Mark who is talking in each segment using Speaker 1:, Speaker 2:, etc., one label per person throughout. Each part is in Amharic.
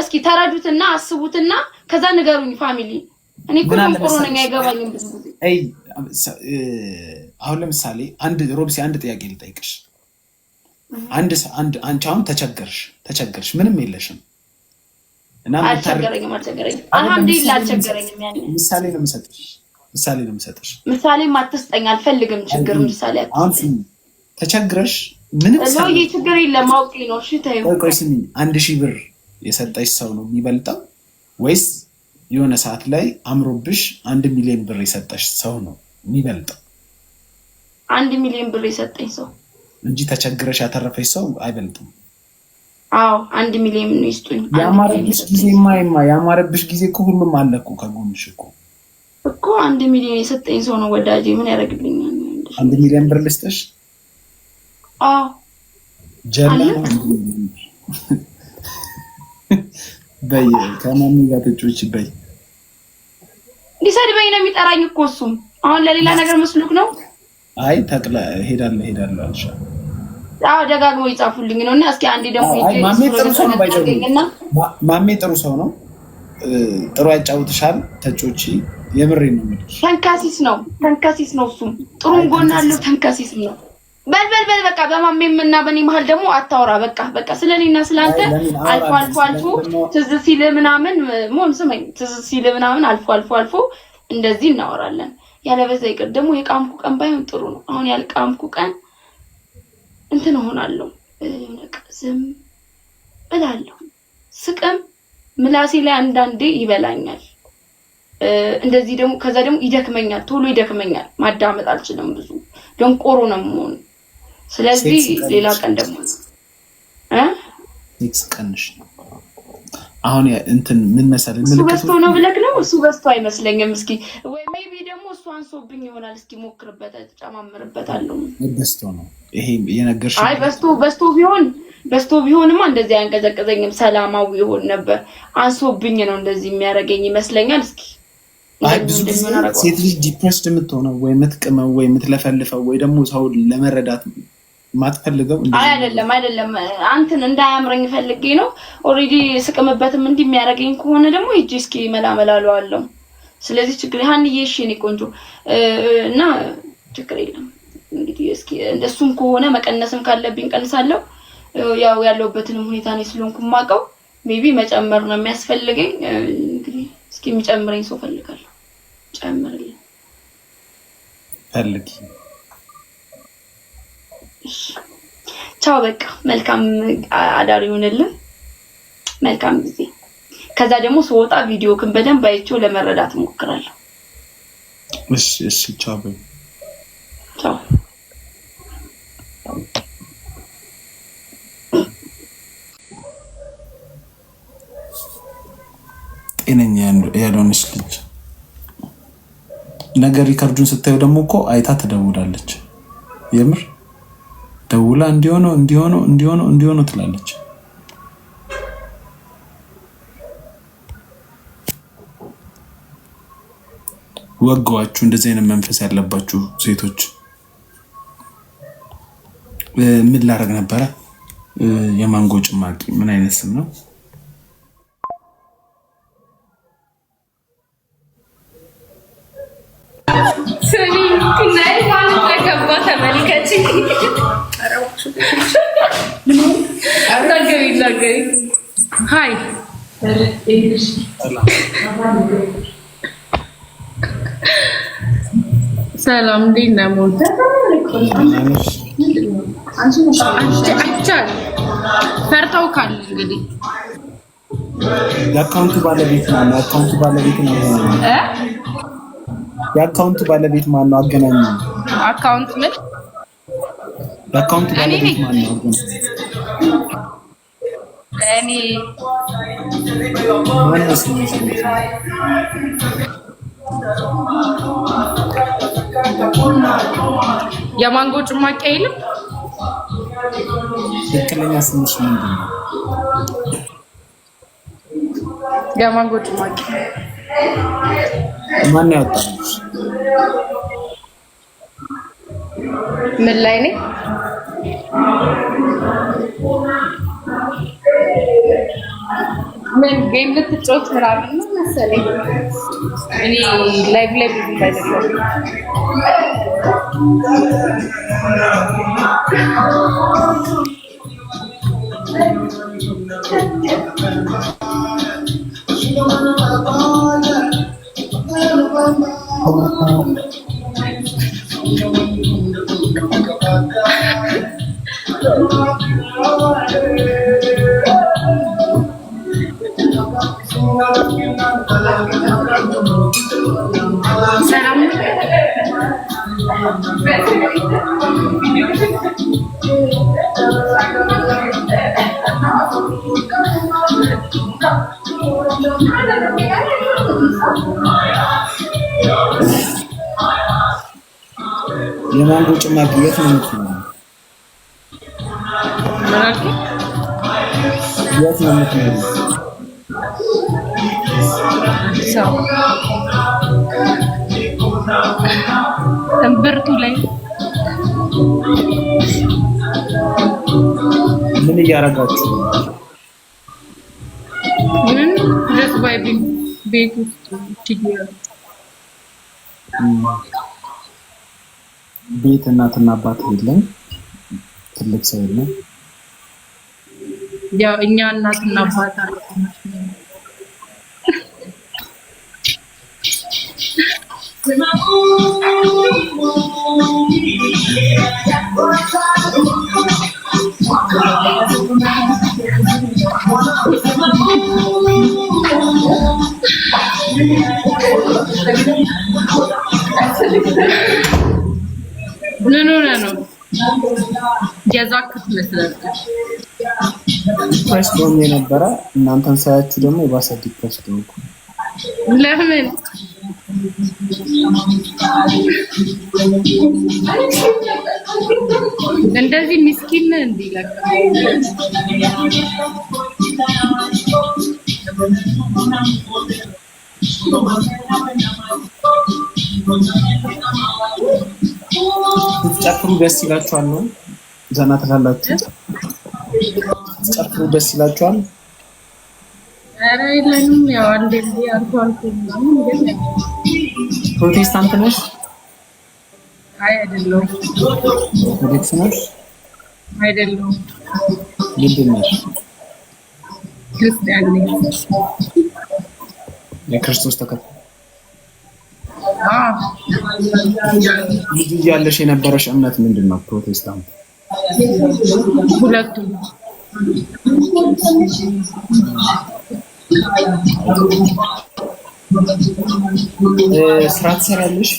Speaker 1: እስኪ ተረዱትና አስቡትና ከዛ ንገሩኝ ፋሚሊ። እኔ እኮ ቆሮ ነኝ አይገባኝም።
Speaker 2: አሁን ለምሳሌ አንድ ሮብሲ አንድ ጥያቄ ልጠይቅሽ። አንድ አንድ አንቺ አሁን ተቸገርሽ ተቸገርሽ ምንም የለሽም
Speaker 1: እና አልቸገረኝም አልቸገረኝም አልቸገረኝም።
Speaker 2: ያኔ ምሳሌ ነው የምሰጥሽ ምሳሌ ነው የምሰጥሽ።
Speaker 1: ምሳሌ አትስጠኝ አልፈልግም። ችግር ምሳሌ
Speaker 2: አሁን ተቸግረሽ ምንም
Speaker 1: ይሄ ችግር የለም አውቄ ነው። እሺ ተይው።
Speaker 2: ቆይ ቆይ ስሚኝ አንድ ሺህ ብር የሰጠች ሰው ነው የሚበልጠው ወይስ የሆነ ሰዓት ላይ አምሮብሽ አንድ ሚሊዮን ብር የሰጠች ሰው ነው የሚበልጠው?
Speaker 1: አንድ ሚሊዮን ብር የሰጠኝ ሰው
Speaker 2: እንጂ ተቸግረሽ ያተረፈች ሰው አይበልጥም።
Speaker 1: አዎ አንድ ሚሊዮን ነው ይስጡኝ።
Speaker 2: ያማረብሽ ጊዜ ማይማ የአማረብሽ ጊዜ እኮ ሁሉም አለ እኮ ከጎንሽ እኮ
Speaker 1: እኮ አንድ ሚሊዮን የሰጠኝ ሰው ነው ወዳጅ፣ ምን ያደርግልኛል?
Speaker 2: አንድ ሚሊዮን ብር ልስጠሽ? አዎ ጀላ በይ ከማሚ ጋር ትጮች በይ።
Speaker 1: ሊሰድበኝ ነው የሚጠራኝ እኮ እሱም አሁን ለሌላ ነገር መስሎክ ነው።
Speaker 2: አይ ተቅላ ሄዳለ ሄዳለ አልሻ
Speaker 1: አዎ ደጋግሞ ይጻፉልኝ ነው እና እስኪ አንዴ
Speaker 2: ደግሞ ማሜ ጥሩ ሰው ነው ባይጨውና ማሜ ጥሩ ሰው ነው። ጥሩ ያጫውትሻል። ተጮቺ የምሬ ነው።
Speaker 1: ተንካሲስ ነው ተንካሲስ ነው። እሱም ጥሩም ጎን አለው። ተንካሲስ ነው። በልበል በል በቃ በማሜም እና በኔ መሀል ደግሞ አታውራ። በቃ በቃ ስለኔና ስላንተ አልፎ አልፎ አልፎ ትዝ ሲል ምናምን ሞን ስመኝ ትዝ ሲል ምናምን አልፎ አልፎ አልፎ እንደዚህ እናወራለን። ያለበዛ ይቅር ደግሞ የቃምኩ ቀን ባይሆን ጥሩ ነው። አሁን ያልቃምኩ ቀን እንትን እሆናለሁ፣ ዝም እላለሁ። ስቅም ምላሴ ላይ አንዳንዴ ይበላኛል። እንደዚህ ደግሞ ከዛ ደግሞ ይደክመኛል፣ ቶሎ ይደክመኛል። ማዳመጥ አልችልም። ብዙ ደንቆሮ ነው የምሆነው ስለዚህ ሌላ ቀን ደግሞ
Speaker 2: ሴክስ ቀንሽ አሁን እንትን ምን እሱ
Speaker 1: በዝቶ ነው ብለህ ነው። እሱ በዝቶ አይመስለኝም። እስኪ ወይ ሜይ ቢ ደግሞ እሱ አንሶብኝ ይሆናል። እስኪ ሞክርበት፣ ተጨማምርበታለሁ።
Speaker 2: በዝቶ ነው ይሄ የነገርሽ?
Speaker 1: አይ በዝቶ በዝቶ ቢሆን ቢሆንማ እንደዚህ አያንቀዘቅዘኝም፣ ሰላማዊ ይሆን ነበር። አንሶብኝ ነው እንደዚህ የሚያደርገኝ ይመስለኛል። እስኪ
Speaker 2: ብዙ ጊዜ ሴት ልጅ ዲፕሬስድ የምትሆነው ወይ የምትቅመው ወይ የምትለፈልፈው ወይ ደግሞ ሰው ለመረዳት ማትፈልገው
Speaker 1: አይደለም አይደለም፣ አንተን እንዳያምረኝ ፈልጌ ነው። ኦሬዲ ስቅምበትም እንዲህ የሚያደርገኝ ከሆነ ደግሞ ሂጂ እስኪ አለው። ስለዚህ ችግር ሀንዬ፣ እሺ የእኔ ቆንጆ እና ችግር የለም እንግዲህ እስኪ እንደሱም ከሆነ መቀነስም ካለብኝ ቀንሳለሁ። ያው ያለሁበትንም ሁኔታ ነው ስለሆንኩ የማውቀው። ሜቢ መጨመር ነው የሚያስፈልገኝ። እንግዲህ እስኪ የሚጨምረኝ ሰው ፈልጋለሁ። ጨምርልኝ ፈልጊ ቻው። በቃ መልካም አዳር ይሆንልን። መልካም ጊዜ። ከዛ ደግሞ ስወጣ ቪዲዮክን በደንብ አይቼው ለመረዳት እሞክራለሁ።
Speaker 2: እሺ፣ እሺ። ቻው ቻው። ጤነኛ ያልሆነች ልጅ ነገር ሪከርዱን ስታዩ ደግሞ እኮ አይታ ትደውላለች የምር ደውላ እንዲሆነው እንዲሆነው እንዲሆነው እንዲሆነው ትላለች። ወገዋችሁ እንደዚህ አይነት መንፈስ ያለባችሁ ሴቶች ምን ላደርግ ነበረ? የማንጎ ጭማቂ ምን አይነት ስም ነው?
Speaker 1: ሰላም እንዴት ነህ? ፈርተው እንግዲህ
Speaker 2: የአካውንቱ ባለቤት ማነው? የአካውንቱ ባለቤት ማነው? የአካውንቱ ባለቤት ማነው?
Speaker 1: አካውንት ምን?
Speaker 2: የአካውንቱ ባለቤት ማነው?
Speaker 1: እኔ የማንጎ ጭማቂ አይልም።
Speaker 2: ትክክለኛ ስንሽ ምንድን ነው?
Speaker 1: የማንጎ ጭማቂ
Speaker 2: ማን ያወጣልሽ?
Speaker 1: ምን ላይ ነኝ? मैं गेम में तो चोट खराब है ना मैं सही मेरी भी
Speaker 2: የማንጎ ጭማቂ የት ነው የምትኖረው? የት ነው የምትኖረው? ሰው እያደረጋችሁ ቤት እናትና አባት የለም፣ ትልቅ ሰው የለም።
Speaker 1: ያው እኛ እናትና አባት አለ ምን ሆነህ ነው? የዛክት መስላለች
Speaker 2: ፕሬስቶን የነበረ እናንተን ሳያችሁ ደግሞ የባሰድ ፕሬስቶን
Speaker 1: ለምን እንደዚህ ሚስኪን ነህ? እንዲህ
Speaker 2: ጨፍሩ ደስ ይላችኋል ነው? ዘና ትላላችሁ? ጨፍሩ ደስ ይላችኋል?
Speaker 1: ኧረ የለንም። ያው አንዴ አልፎ አልፎ
Speaker 2: ፕሮቴስታንት ነሽ?
Speaker 1: አይ አይደለሁም።
Speaker 2: ኦርቶዶክስ ነሽ? አይደለሁም። ምንድን ነሽ?
Speaker 1: ክርስቲያን ነኝ።
Speaker 2: የክርስቶስ ተከታይ ልጅ እያለሽ የነበረሽ እምነት ምንድን ነው? ፕሮቴስታንት ሁለቱም ስራ ትሰራለሽ?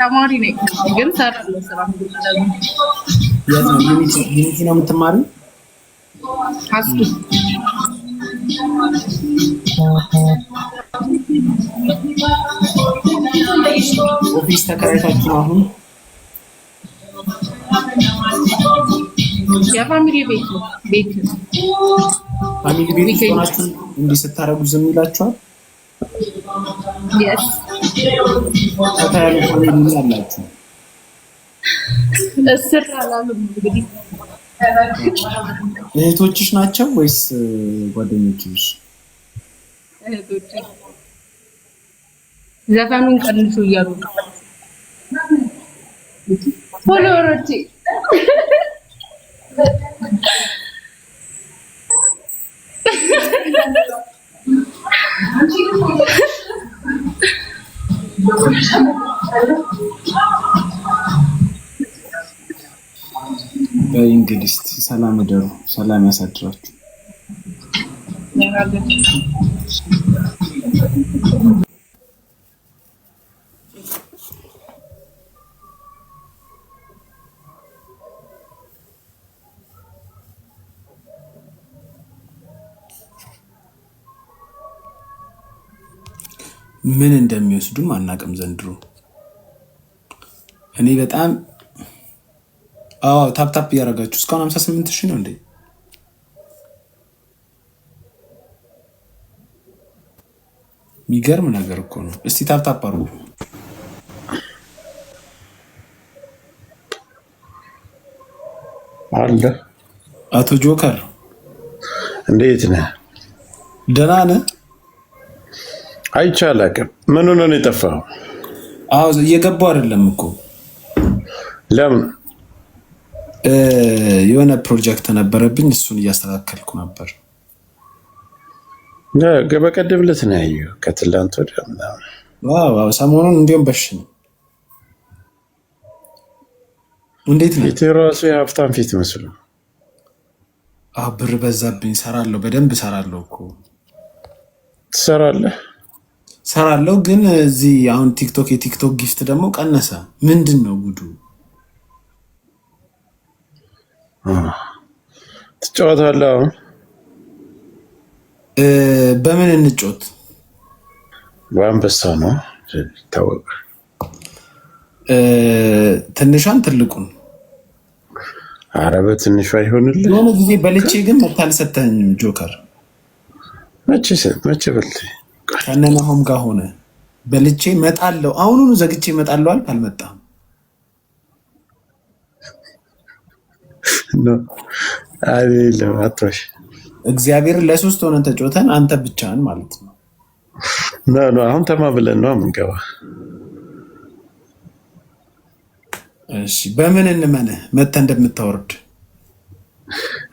Speaker 1: ተማሪ ነኝ ግን ሰራለሁ። ስራ
Speaker 2: ዩኒቲ ነው የምትማሪው? ኦፊስ ተከራይታችሁ አሁን
Speaker 1: የፋሚሊ ቤት ነው። ቤት
Speaker 2: ፋሚሊ ቤት ሆናችሁ እንዲህ ስታረጉ ዝም ይላችኋል።
Speaker 1: ፋሚሊ አላችሁ። እስር አላሉም እንግዲህ
Speaker 2: እህቶችሽ ናቸው ወይስ ጓደኞችሽ?
Speaker 1: ዘፈኑን ቀንሱ እያሉ ፎሎወሮች
Speaker 2: እንግዲህ ሰላም እደሩ፣ ሰላም ያሳድራችሁ። ምን እንደሚወስዱም አናውቅም ዘንድሮ እኔ በጣም ታፕታፕ እያደረጋችሁ እስካሁን 58 ስምንት ሺህ ነው እንዴ? የሚገርም ነገር እኮ ነው። እስቲ ታፕታፕ አርጉ። አለ አቶ ጆከር እንዴት ነህ? ደህና ነህ? አይቻል ምን ሆነ ነው የጠፋኸው? እየገባሁ አይደለም እኮ ለምን የሆነ ፕሮጀክት ነበረብኝ እሱን እያስተካከልኩ ነበር። በቀደም ዕለት ነው ያዩ ከትላንት ወዲያ ሰሞኑን እንዲሁም በሽ ነው። እንዴት ነው የራሱ የሀብታም ፊት መስሉ። ብር በዛብኝ። ሰራለሁ፣ በደንብ ሰራለሁ እኮ ትሰራለህ ሰራለሁ። ግን እዚህ አሁን ቲክቶክ የቲክቶክ ጊፍት ደግሞ ቀነሰ። ምንድን ነው ጉዱ? ትጫወታለህ? በምን እንጫወት? በአንበሳ ነው ይታወቃል። ትንሿን ትልቁን? አረ በትንሿ አይሆንልህ። የሆነ ጊዜ በልቼ ግን መታ አልሰጠኝም። ጆከር መቼ በል ከእነ ናሆም ጋር ሆነ በልቼ መጣለው። አሁኑኑ ዘግቼ መጣለዋል። አልመጣም አይደለም አትዋሽ። እግዚአብሔር ለሶስት ሆነን ተጮተን አንተ ብቻህን ማለት ነው። ኖ አሁን ተማ ብለን ነው የምንገባ። እሺ በምን እንመንህ መተህ እንደምታወርድ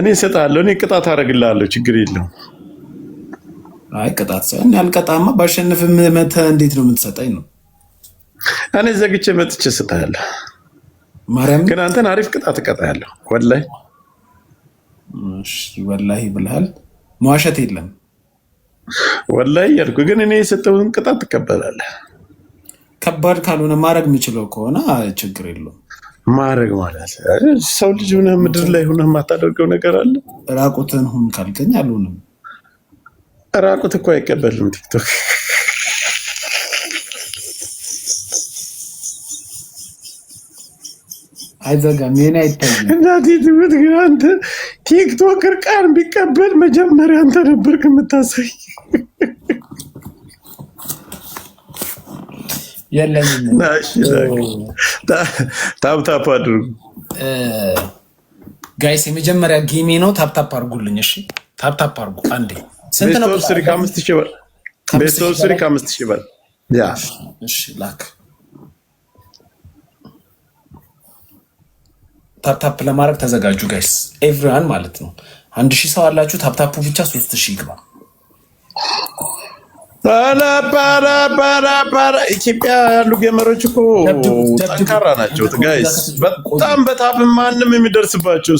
Speaker 2: እኔ እሰጥሃለሁ። እኔ ቅጣት አደርግልሃለሁ። ችግር የለውም። አይ ቅጣት ሳይሆን ያልቀጣማ ባሸንፍም መተህ እንዴት ነው የምትሰጠኝ ነው? እኔ ዘግቼ መጥቼ እሰጥሃለሁ። ማርያም ግን አንተን አሪፍ ቅጣት እቀጣለሁ። ወላሂ ወላሂ ብልሃል። መዋሸት የለም ወላሂ እያልኩ ግን እኔ የሰጠውን ቅጣት ትቀበላለህ። ከባድ ካልሆነ ማድረግ የሚችለው ከሆነ ችግር የለውም። ማድረግ ማለት ሰው ልጅ ሆነ ምድር ላይ ሆነ የማታደርገው ነገር አለ። ራቁትን ሁን ካልከኝ አልሆንም። ራቁት እኮ አይቀበልም ቲክቶክ አይዘጋም። ይሄን አይታይም። እናቴ ትምህርት ግን አንተ ቲክቶክር እርቃን ቢቀበል መጀመሪያ አንተ ነበርክ የምታሳይ። የለኝም። ታፕታፕ አድርጉ ጋይስ። የመጀመሪያ ጌሜ ነው። ታፕታፕ አድርጉልኝ። እሺ፣ ታፕታፕ አድርጉ። አንዴ ስንት ነው? ከአምስት ሺህ በል። ከአምስት ሺህ በል ላክ ታፕታፕ ለማድረግ ተዘጋጁ ጋይስ፣ ኤቭሪዋን ማለት ነው። አንድ ሺህ ሰው አላችሁ። ታፕታፑ ብቻ ሶስት ሺህ ይግባ። ኢትዮጵያ ያሉ ጌመሮች እኮ ጠንካራ ናቸው ጋይስ። በጣም በታፕ ማንም የሚደርስባቸው